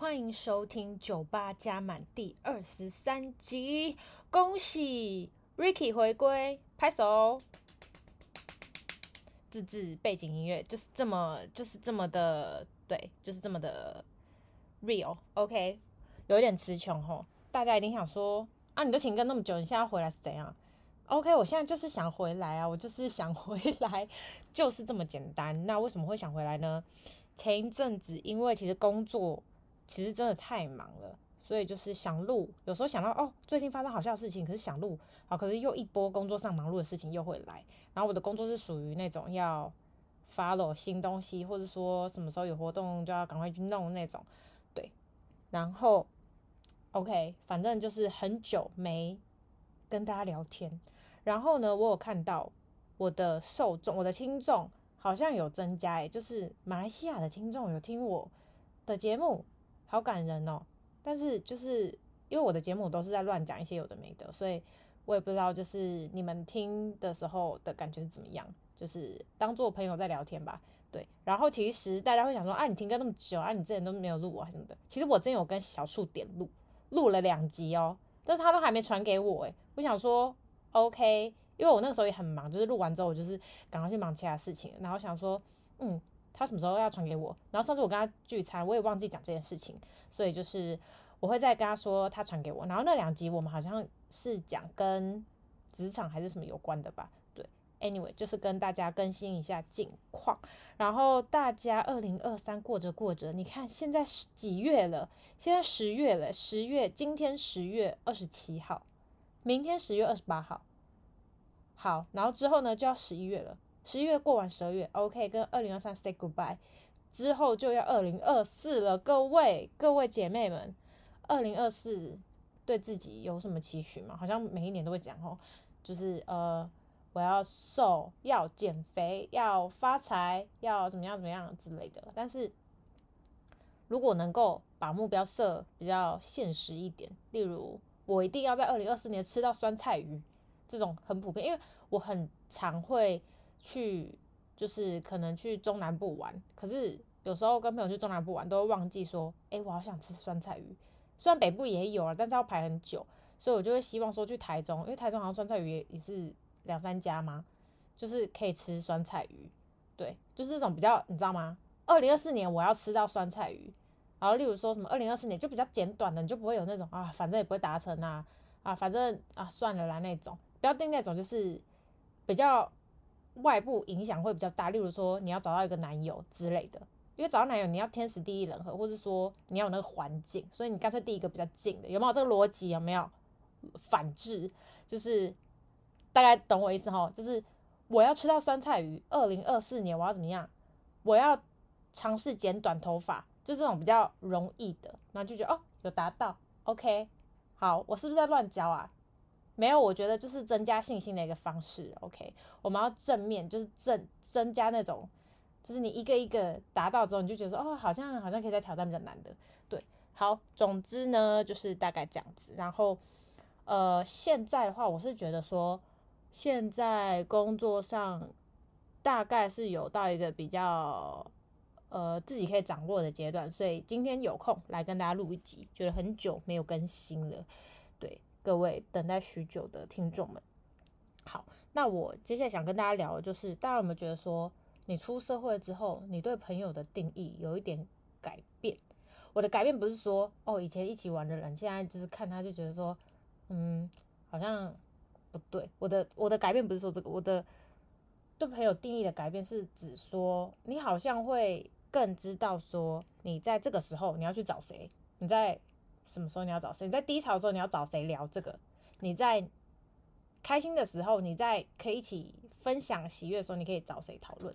歡迎收聽《酒吧加滿》第二十三集。恭喜 Ricky 回歸，拍手！自製背景音樂就是這麼，就是這麼的，對，就是這麼的 real。OK，有點詞窮哦。大家一定想說：啊，你都停更那麼久，你現在要回來是怎樣？OK，我現在就是想回來啊，我就是想回來，就是這麼簡單。那為什麼會想回來呢？前一陣子因為其實工作。其實真的太忙了，所以就是想錄，有時候想到哦，最近發生好笑的事情，可是想錄好，可是又一波工作上忙碌的事情又會來。然後我的工作是屬於那種要 follow 新東西，或者說什麼時候有活動就要趕快去弄那種。對，然後 OK，反正就是很久沒跟大家聊天。然後呢，我有看到我的受眾、我的聽眾好像有增加欸，就是馬來西亞的聽眾有聽我的節目。好感人哦，但是就是因為我的節目都是在亂講一些有的沒的，所以我也不知道就是你們聽的時候的感覺是怎麼樣，就是當做朋友在聊天吧。對，然後其實大家會想說，啊你聽歌那麼久啊，你之前都沒有錄我什麼的。其實我真有跟小數點錄，錄了兩集哦，但是他都還沒傳給我哎。我想說，OK，因為我那個時候也很忙，就是錄完之後我就是趕快去忙其他事情，然後想說，嗯。他什麼時候要傳給我？然後上次我跟他聚餐，我也忘記講這件事情，所以就是我會再跟他說他傳給我。然後那兩集我們好像是講跟職場還是什麼有關的吧？對，anyway 就是跟大家更新一下近況。然後大家二零二三過着過着，你看現在幾月了？現在十月了，十月，今天十月二十七號，明天十月二十八號，好，然後之後呢就要十一月了。十一月過完十二月，OK，跟二零二三 say goodbye，之後就要二零二四了。各位各位姐妹們，二零二四對自己有什麼期許嗎？好像每一年都會講哦，就是呃，我要瘦，要減肥，要發財，要怎麼樣怎麼樣之類的。但是如果能夠把目標設比較現實一點，例如我一定要在二零二四年吃到酸菜魚，這種很普遍，因為我很常會。去就是可能去中南部玩，可是有時候跟朋友去中南部玩都會忘記說，哎、欸，我好想吃酸菜魚。雖然北部也有啊，但是要排很久，所以我就會希望說去台中，因為台中好像酸菜魚也是兩三家嘛，就是可以吃酸菜魚，對，就是這種比較你知道嗎？二零二四年我要吃到酸菜魚，然後例如說什麼二零二四年就比較簡短的，你就不會有那種啊，反正也不會達成啊，啊，反正啊算了啦那種，不要定那種就是比較。外部影響會比較大，例如說你要找到一個男友之類的，因為找到男友你要天時地利人和，或者說你要有那個環境，所以你乾脆第一個比較近的，有沒有這個邏輯？有沒有反制？就是大概懂我意思哈，就是我要吃到酸菜魚，二零二四年我要怎麼樣？我要嘗試剪短頭髮，就這種比較容易的，那就覺得哦，有達到，OK，好，我是不是在亂教啊？沒有，我覺得就是增加信心的一個方式。OK，我們要正面，就是正增加那種，就是你一個一個達到之後，你就覺得說哦，好像好像可以再挑戰比較難的。對，好，總之呢，就是大概這樣子。然後，呃，現在的話，我是覺得說，現在工作上大概是有到一個比較，呃，自己可以掌握的階段，所以今天有空來跟大家錄一集，覺得很久沒有更新了，對。各位等待許久的聽眾們，好，那我接下來想跟大家聊的就是，大家有沒有覺得說，你出社會之後，你對朋友的定義有一點改變？我的改變不是說，哦，以前一起玩的人，現在就是看他就覺得說，嗯，好像不對。我的我的改變不是說這個，我的對朋友定義的改變是指說，你好像會更知道說，你在這個時候你要去找誰，你在。什麼時候你要找誰？你在低潮的時候你要找誰聊這個？你在開心的時候，你在可以一起分享喜悅的時候，你可以找誰討論？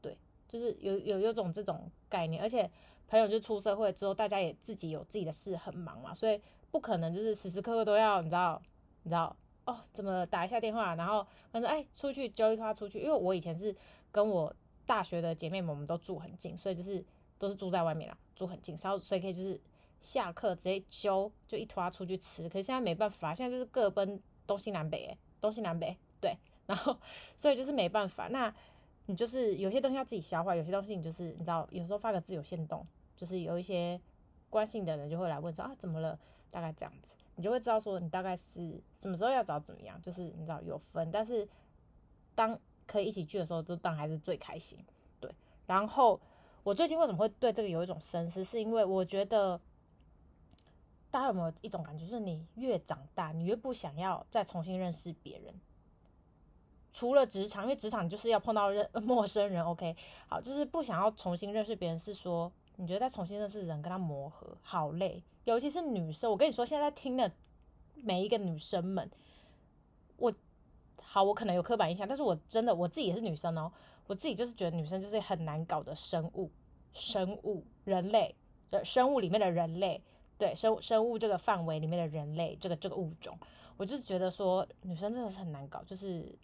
對，就是有有有種這種概念，而且朋友就出社會之後，大家也自己有自己的事很忙嘛，所以不可能就是時時刻刻都要你知道你知道哦，怎麼打一下電話，然後反正哎出去揪一撮出去，因為我以前是跟我大學的姐妹們我們都住很近，所以就是都是住在外面啦，住很近，然後所以可以就是。下課直接揪就一拖出去吃，可是現在沒辦法，現在就是各奔東西南北，東西南北對，然後所以就是沒辦法。那你就是有些東西要自己消化，有些東西你就是你知道，有時候發個字有限動，就是有一些關心的人就會來問說啊怎麼了，大概這樣子，你就會知道說你大概是什麼時候要找怎麼樣就是你知道有分，但是當可以一起聚的時候，都當還是最開心。對，然後我最近為什麼會對這個有一種深思，是因為我覺得。大家有沒有一種感覺，就是你越長大，你越不想要再重新認識別人？除了職場，因為職場就是要碰到認陌生人。OK，好，就是不想要重新認識別人，是說你覺得再重新認識人跟他磨合好累，尤其是女生。我跟你說，現在在聽的每一個女生們，我，好，我可能有刻板印象，但是我真的我自己也是女生哦，我自己就是覺得女生就是很難搞的生物，生物人類的生物裡面的人類。對生生物這個範圍裡面的人類這個這個物種，我就是覺得說女生真的是很難搞，就是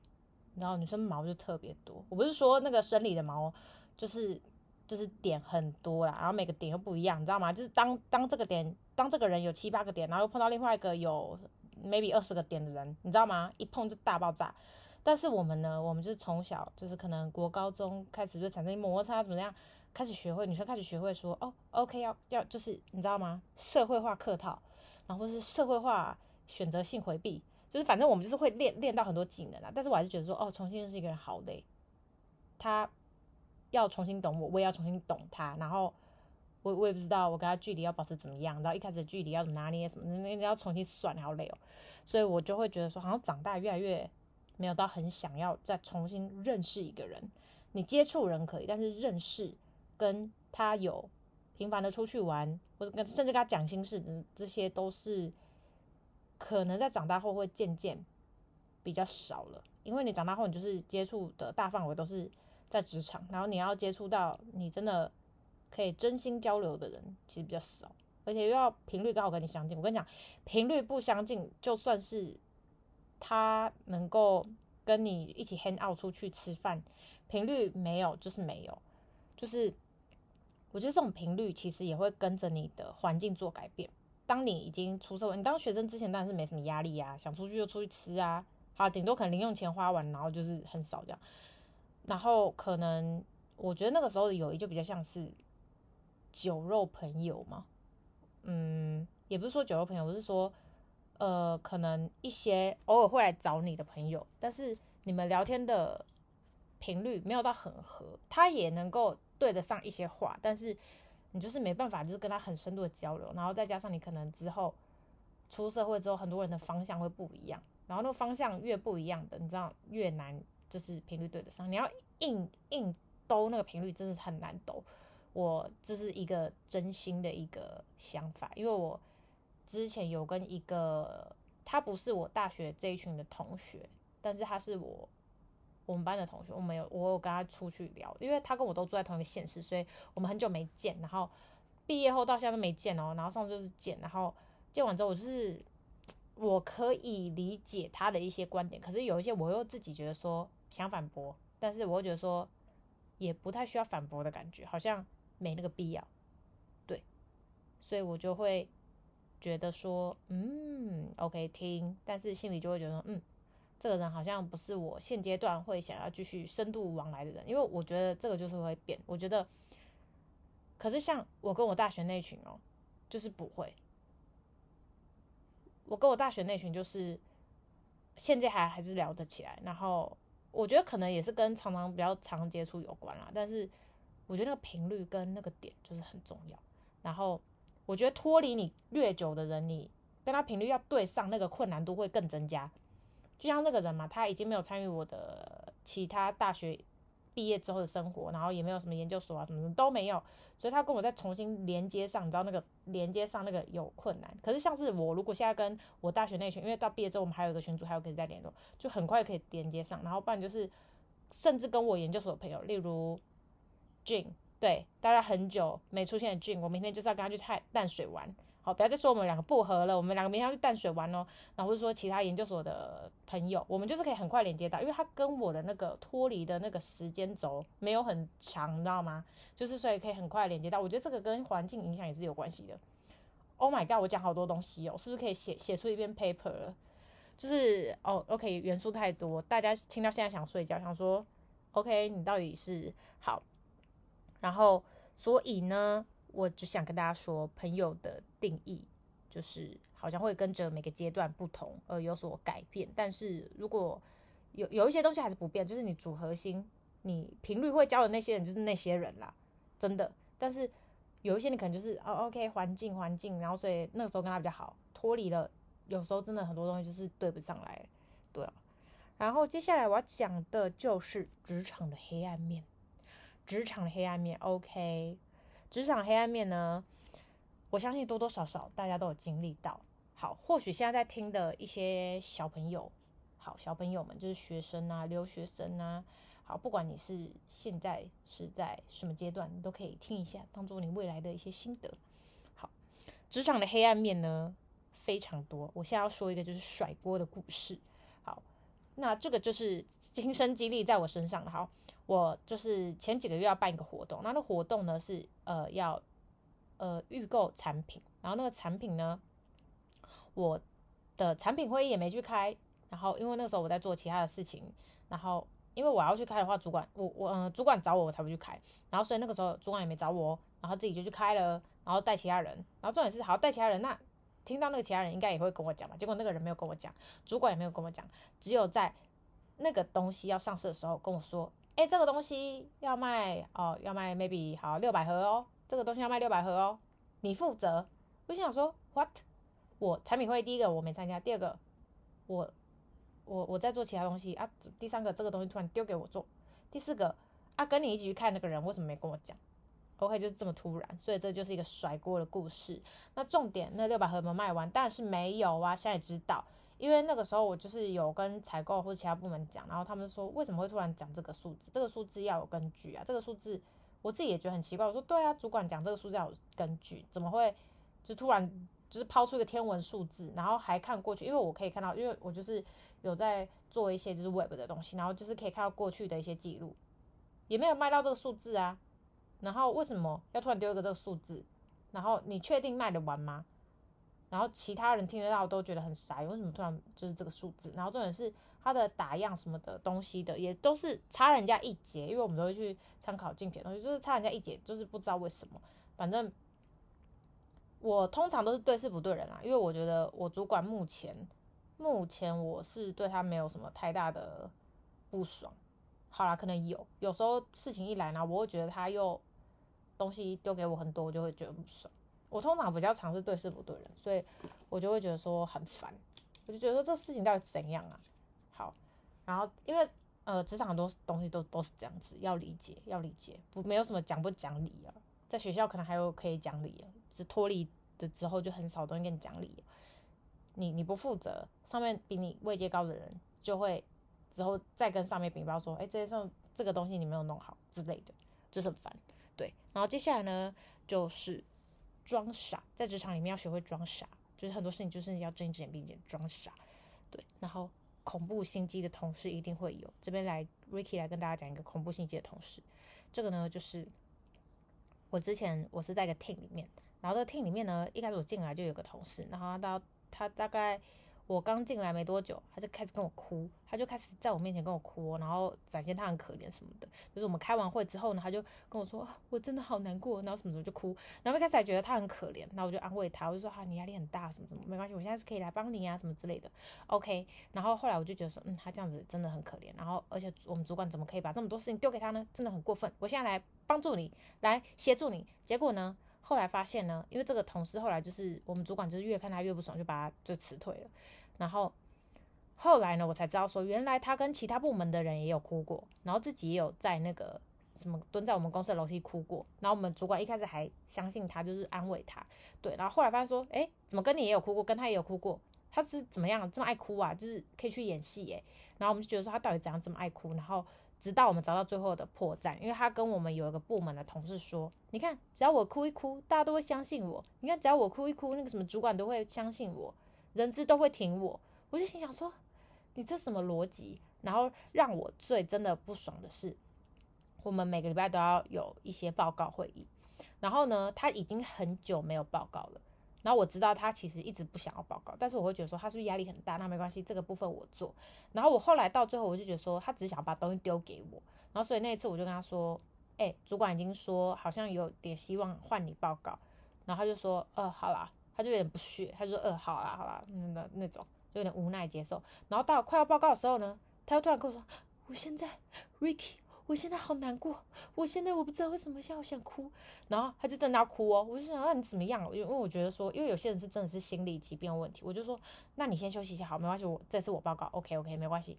然後女生毛就特別多，我不是說那個生理的毛，就是就是點很多啦，然後每個點又不一樣，你知道嗎？就是當當這個點，當這個人有七八個點，然後又碰到另外一個有 maybe 二十個點的人，你知道嗎？一碰就大爆炸。但是我們呢，我們就是從小就是可能國高中開始就產生摩擦怎麼樣？開始學會女生開始學會說哦，OK，要要就是你知道嗎？社會化客套，然後是社會化選擇性回避，就是反正我們就是會練練到很多技能啦，但是我還是覺得說哦，重新認識一個人好累，他要重新懂我，我也要重新懂他，然後我我也不知道我跟他距離要保持怎麼樣，然後一開始的距離要拿捏什麼，那那要重新算，好累哦。所以我就會覺得說，好像長大越來越沒有到很想要再重新認識一個人。你接觸人可以，但是認識。跟他有頻繁的出去玩，或者甚至跟他講心事，這些都是可能在長大後會漸漸比較少了。因為你長大後，你就是接觸的大範圍都是在職場，然後你要接觸到你真的可以真心交流的人，其實比較少，而且又要頻率剛好跟你相近。我跟你講，頻率不相近，就算是他能夠跟你一起 hang out 出去吃飯，頻率沒有就是沒有，就是。我覺得這種頻率其實也會跟着你的環境做改變。當你已經出社會，你當學生之前當然是沒什麼壓力呀、啊，想出去就出去吃啊，好，頂多可能零用錢花完，然後就是很少這樣。然後可能我覺得那個時候的友誼就比較像是酒肉朋友嘛，嗯，也不是說酒肉朋友，我是說，呃，可能一些偶爾會來找你的朋友，但是你們聊天的頻率沒有到很合，他也能夠。對得上一些話，但是你就是沒辦法，就是跟他很深度的交流。然後再加上你可能之後出社會之後，很多人的方向會不一樣。然後那個方向越不一樣的，你知道越難，就是頻率對得上。你要硬硬兜那個頻率，真是很難兜。我這是一個真心的一個想法，因為我之前有跟一個，他不是我大學這一群的同學，但是他是我。我們班的同學，我們有我有跟他出去聊，因為他跟我都住在同一個縣市，所以我們很久沒見，然後畢業後到現在都沒見哦，然後上次就是見，然後見完之後，我就是我可以理解他的一些觀點，可是有一些我又自己覺得說想反駁，但是我又覺得說也不太需要反駁的感覺，好像沒那個必要，對，所以我就會覺得說，嗯，OK，聽，但是心裡就會覺得說，嗯。這個人好像不是我現階段會想要繼續深度往來的人，因為我覺得這個就是會變。我覺得，可是像我跟我大學那群哦，就是不會。我跟我大學那群就是現在還還是聊得起來，然後我覺得可能也是跟常常比較常接觸有關啦。但是我覺得那個頻率跟那個點就是很重要。然後我覺得脫離你略久的人，你跟他頻率要對上，那個困難度會更增加。就像那個人嘛，他已經沒有參與我的其他大學畢業之後的生活，然後也沒有什麼研究所啊什麼什麼都沒有，所以他跟我再重新連接上，你知道那個連接上那個有困難。可是像是我如果現在跟我大學那群，因為到畢業之後我們還有一個群組，還有可以再聯絡，就很快可以連接上。然後不然就是甚至跟我研究所的朋友，例如俊，對，大家很久沒出現的俊，我明天就是要跟他去太淡水玩。好，不要再說我們兩個不合了。我們兩個明天要去淡水玩哦，然後或者說其他研究所的朋友，我們就是可以很快連接到，因為它跟我的那個脫離的那個時間軸沒有很強，你知道嗎？就是所以可以很快連接到。我覺得這個跟環境影響也是有關係的。Oh my god，我講好多東西哦，是不是可以寫寫出一篇 paper 了？就是哦、oh，OK，元素太多，大家聽到現在想睡覺，想說 OK，你到底是好？然後所以呢？我只想跟大家說，朋友的定義就是好像會跟着每個階段不同而有所改變。但是如果有有一些東西還是不變，就是你組合心，你頻率會交的那些人就是那些人啦，真的。但是有一些你可能就是哦，OK，環境環境，然後所以那個時候跟他比較好，脫離了。有時候真的很多東西就是對不上來，對了。然後接下來我要講的就是職場的黑暗面，職場的黑暗面，OK。職場黑暗面呢，我相信多多少少大家都有經歷到。好，或許現在在聽的一些小朋友，好，小朋友們就是學生啊、留學生啊，好，不管你是現在是在什麼階段，你都可以聽一下，當做你未來的一些心得。好，職場的黑暗面呢，非常多，我現在要說一個就是甩鍋的故事。好，那這個就是親身經歷在我身上的。好。我就是前幾個月要辦一個活動，那，那個活動呢是呃要呃預購產品，然後那個產品呢，我的產品會議也沒去開，然後因為那個時候我在做其他的事情，然後因為我要去開的話，主管我我嗯、呃、主管找我我才不去開，然後所以那個時候主管也沒找我，然後自己就去開了，然後帶其他人，然後重點是好帶其他人，那聽到那個其他人應該也會跟我講吧，結果那個人沒有跟我講，主管也沒有跟我講，只有在那個東西要上市的時候跟我說。哎，這個東西要賣哦，要賣，maybe 好六百盒哦。這個東西要賣六百盒哦，你負責。我心想說，what？我產品會第一個我沒參加，第二個，我，我我在做其他東西啊。第三個這個東西突然丟給我做，第四個啊跟你一起去看那個人為什麼沒跟我講？OK，就是這麼突然，所以這就是一個甩鍋的故事。那重點，那六百盒沒賣完，當然是沒有啊，現在也知道。因為那個時候我就是有跟採購或者其他部門講，然後他們說為什麼會突然講這個數字？這個數字要有根據啊！這個數字我自己也覺得很奇怪。我說對啊，主管講這個數字要有根據，怎麼會就突然就是拋出一個天文數字，然後還看過去？因為我可以看到，因為我就是有在做一些就是 web 的東西，然後就是可以看到過去的一些記錄，也沒有賣到這個數字啊。然後為什麼要突然丟一個這個數字？然後你確定賣得完嗎？然後其他人聽得到都覺得很傻，為什麼突然就是這個數字？然後重點是他的打樣什麼的東西的，也都是差人家一截，因為我們都會去參考競品東西，就是差人家一截，就是不知道為什麼。反正我通常都是對事不對人啦，因為我覺得我主管目前目前，我是對他沒有什麼太大的不爽。好啦，可能有有時候事情一來呢，我會覺得他又東西丟給我很多，我就會覺得不爽。我通常比較嘗試對事不對人，所以我就會覺得說很煩。我就覺得說這事情到底怎樣啊？好，然後因為呃，職場很多東西都都是這樣子，要理解要理解，不沒有什麼講不講理啊。在學校可能還有可以講理啊，是脫離的之後就很少東西跟你講理啊。你你不負責，上面比你位階高的人就會之後再跟上面稟報說：“哎，這些事這個東西你沒有弄好之類的，就是很煩。”對，然後接下來呢就是。裝傻，在職場裡面要學會裝傻，就是很多事情就是要睜一只眼閉一只眼裝傻，對。然後恐怖心機的同事一定會有，這邊來 Ricky 來跟大家講一個恐怖心機的同事，這個呢就是我之前我是在一個 team 裡面，然後在 team 裡面呢一開始我進來就有個同事，然後到他大概，我剛進來沒多久，他就開始跟我哭，他就開始在我面前跟我哭，然後展現他很可憐什麼的。就是我們開完會之後呢，他就跟我說，啊，我真的好難過，然後什麼什麼就哭。然後一開始還覺得他很可憐，然後我就安慰他，我就說啊，你壓力很大什麼什麼，沒關係，我現在是可以來幫你啊什麼之類的。OK，然後後來我就覺得說，嗯，他這樣子真的很可憐。然後而且我們主管怎麼可以把這麼多事情丟給他呢？真的很過分。我現在來幫助你，來協助你。結果呢，後來發現呢，因為這個同事後來就是我們主管就是越看他越不爽，就把他就辭退了。然後後來呢，我才知道說，原來他跟其他部門的人也有哭過，然後自己也有在那個什麼蹲在我們公司的樓梯哭過。然後我們主管一開始還相信他，就是安慰他，對。然後後來發現說，誒，怎麼跟你也有哭過，跟他也有哭過？他是怎麼樣這麼愛哭啊？就是可以去演戲誒。然後我們就覺得說，他到底怎樣這麼愛哭？然後直到我們找到最後的破綻，因為他跟我們有一個部門的同事說，你看，只要我哭一哭，大家都會相信我。你看，只要我哭一哭，那個什麼主管都會相信我。人資都會挺我，我就心想說，你這什麼邏輯？然後讓我最真的不爽的是，我們每個禮拜都要有一些報告會議，然後呢，他已經很久沒有報告了，然後我知道他其實一直不想要報告，但是我會覺得說他是不是壓力很大？那沒關係，這個部分我做。然後我後來到最後我就覺得說，他只是想把東西丟給我，然後所以那一次我就跟他說，哎、欸，主管已經說好像有點希望換你報告，然後他就說，呃，好啦。他就有點不屑，他就說：“呃、嗯，好啦，好啦，那那，那種就有點無奈接受。然後到了快要報告的時候呢，他又突然跟我說：‘我現在，Ricky，我現在好難過，我現在我不知道為什麼，現在想哭。’然後他就在那哭哦，我就想：那、啊、你怎麼樣？因為我覺得說，因為有些人是真的是心理疾病問題，我就說：那你先休息一下，好，沒關係，我這次我報告，OK，OK，OK, OK, 沒關係。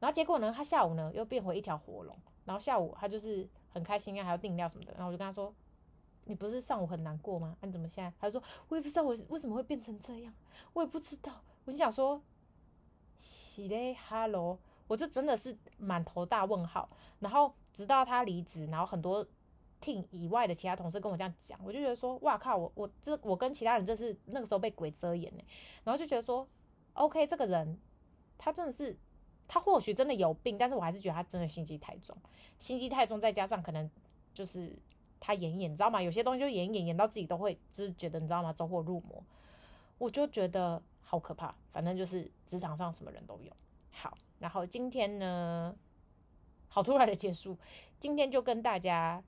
然後結果呢，他下午呢又變回一條火龍，然後下午他就是很開心啊，還要訂料什麼的。然後我就跟他說。”你不是上午很難過嗎？啊、你怎麼現在還說？我也不知道我為什麼會變成這樣，我也不知道。我就想說，是嘞，哈嘍，我就真的是滿頭大問號。然後直到他離職，然後很多 team 以外的其他同事跟我這樣講，我就覺得說，哇靠，我我這我跟其他人就是那個時候被鬼遮眼呢、欸。然後就覺得說，OK，這個人他真的是，他或許真的有病，但是我還是覺得他真的心機太重，心機太重，再加上可能就是。他演一演，你知道嗎？有些東西就演一演，演到自己都會，就是覺得你知道嗎？走火入魔，我就覺得好可怕。反正就是職場上什麼人都有。好，然後今天呢，好突然的結束，今天就跟大家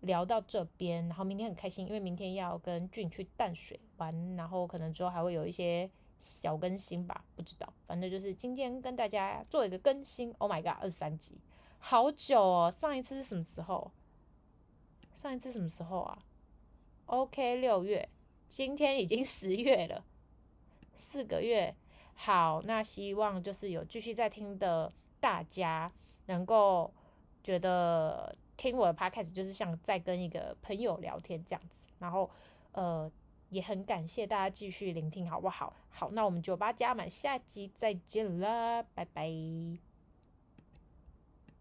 聊到這邊。然後明天很開心，因為明天要跟俊去淡水玩，然後可能之後還會有一些小更新吧，不知道。反正就是今天跟大家做一個更新。Oh my god，二十三集，好久哦，上一次是什麼時候？上一次什麼時候啊？OK，六月，今天已經十月了，四個月。好，那希望就是有繼續在聽的大家，能夠覺得聽我的 Podcast 就是像在跟一個朋友聊天這樣子。然後，呃，也很感謝大家繼續聆聽，好不好？好，那我們酒吧加滿，下集再見啦，拜拜。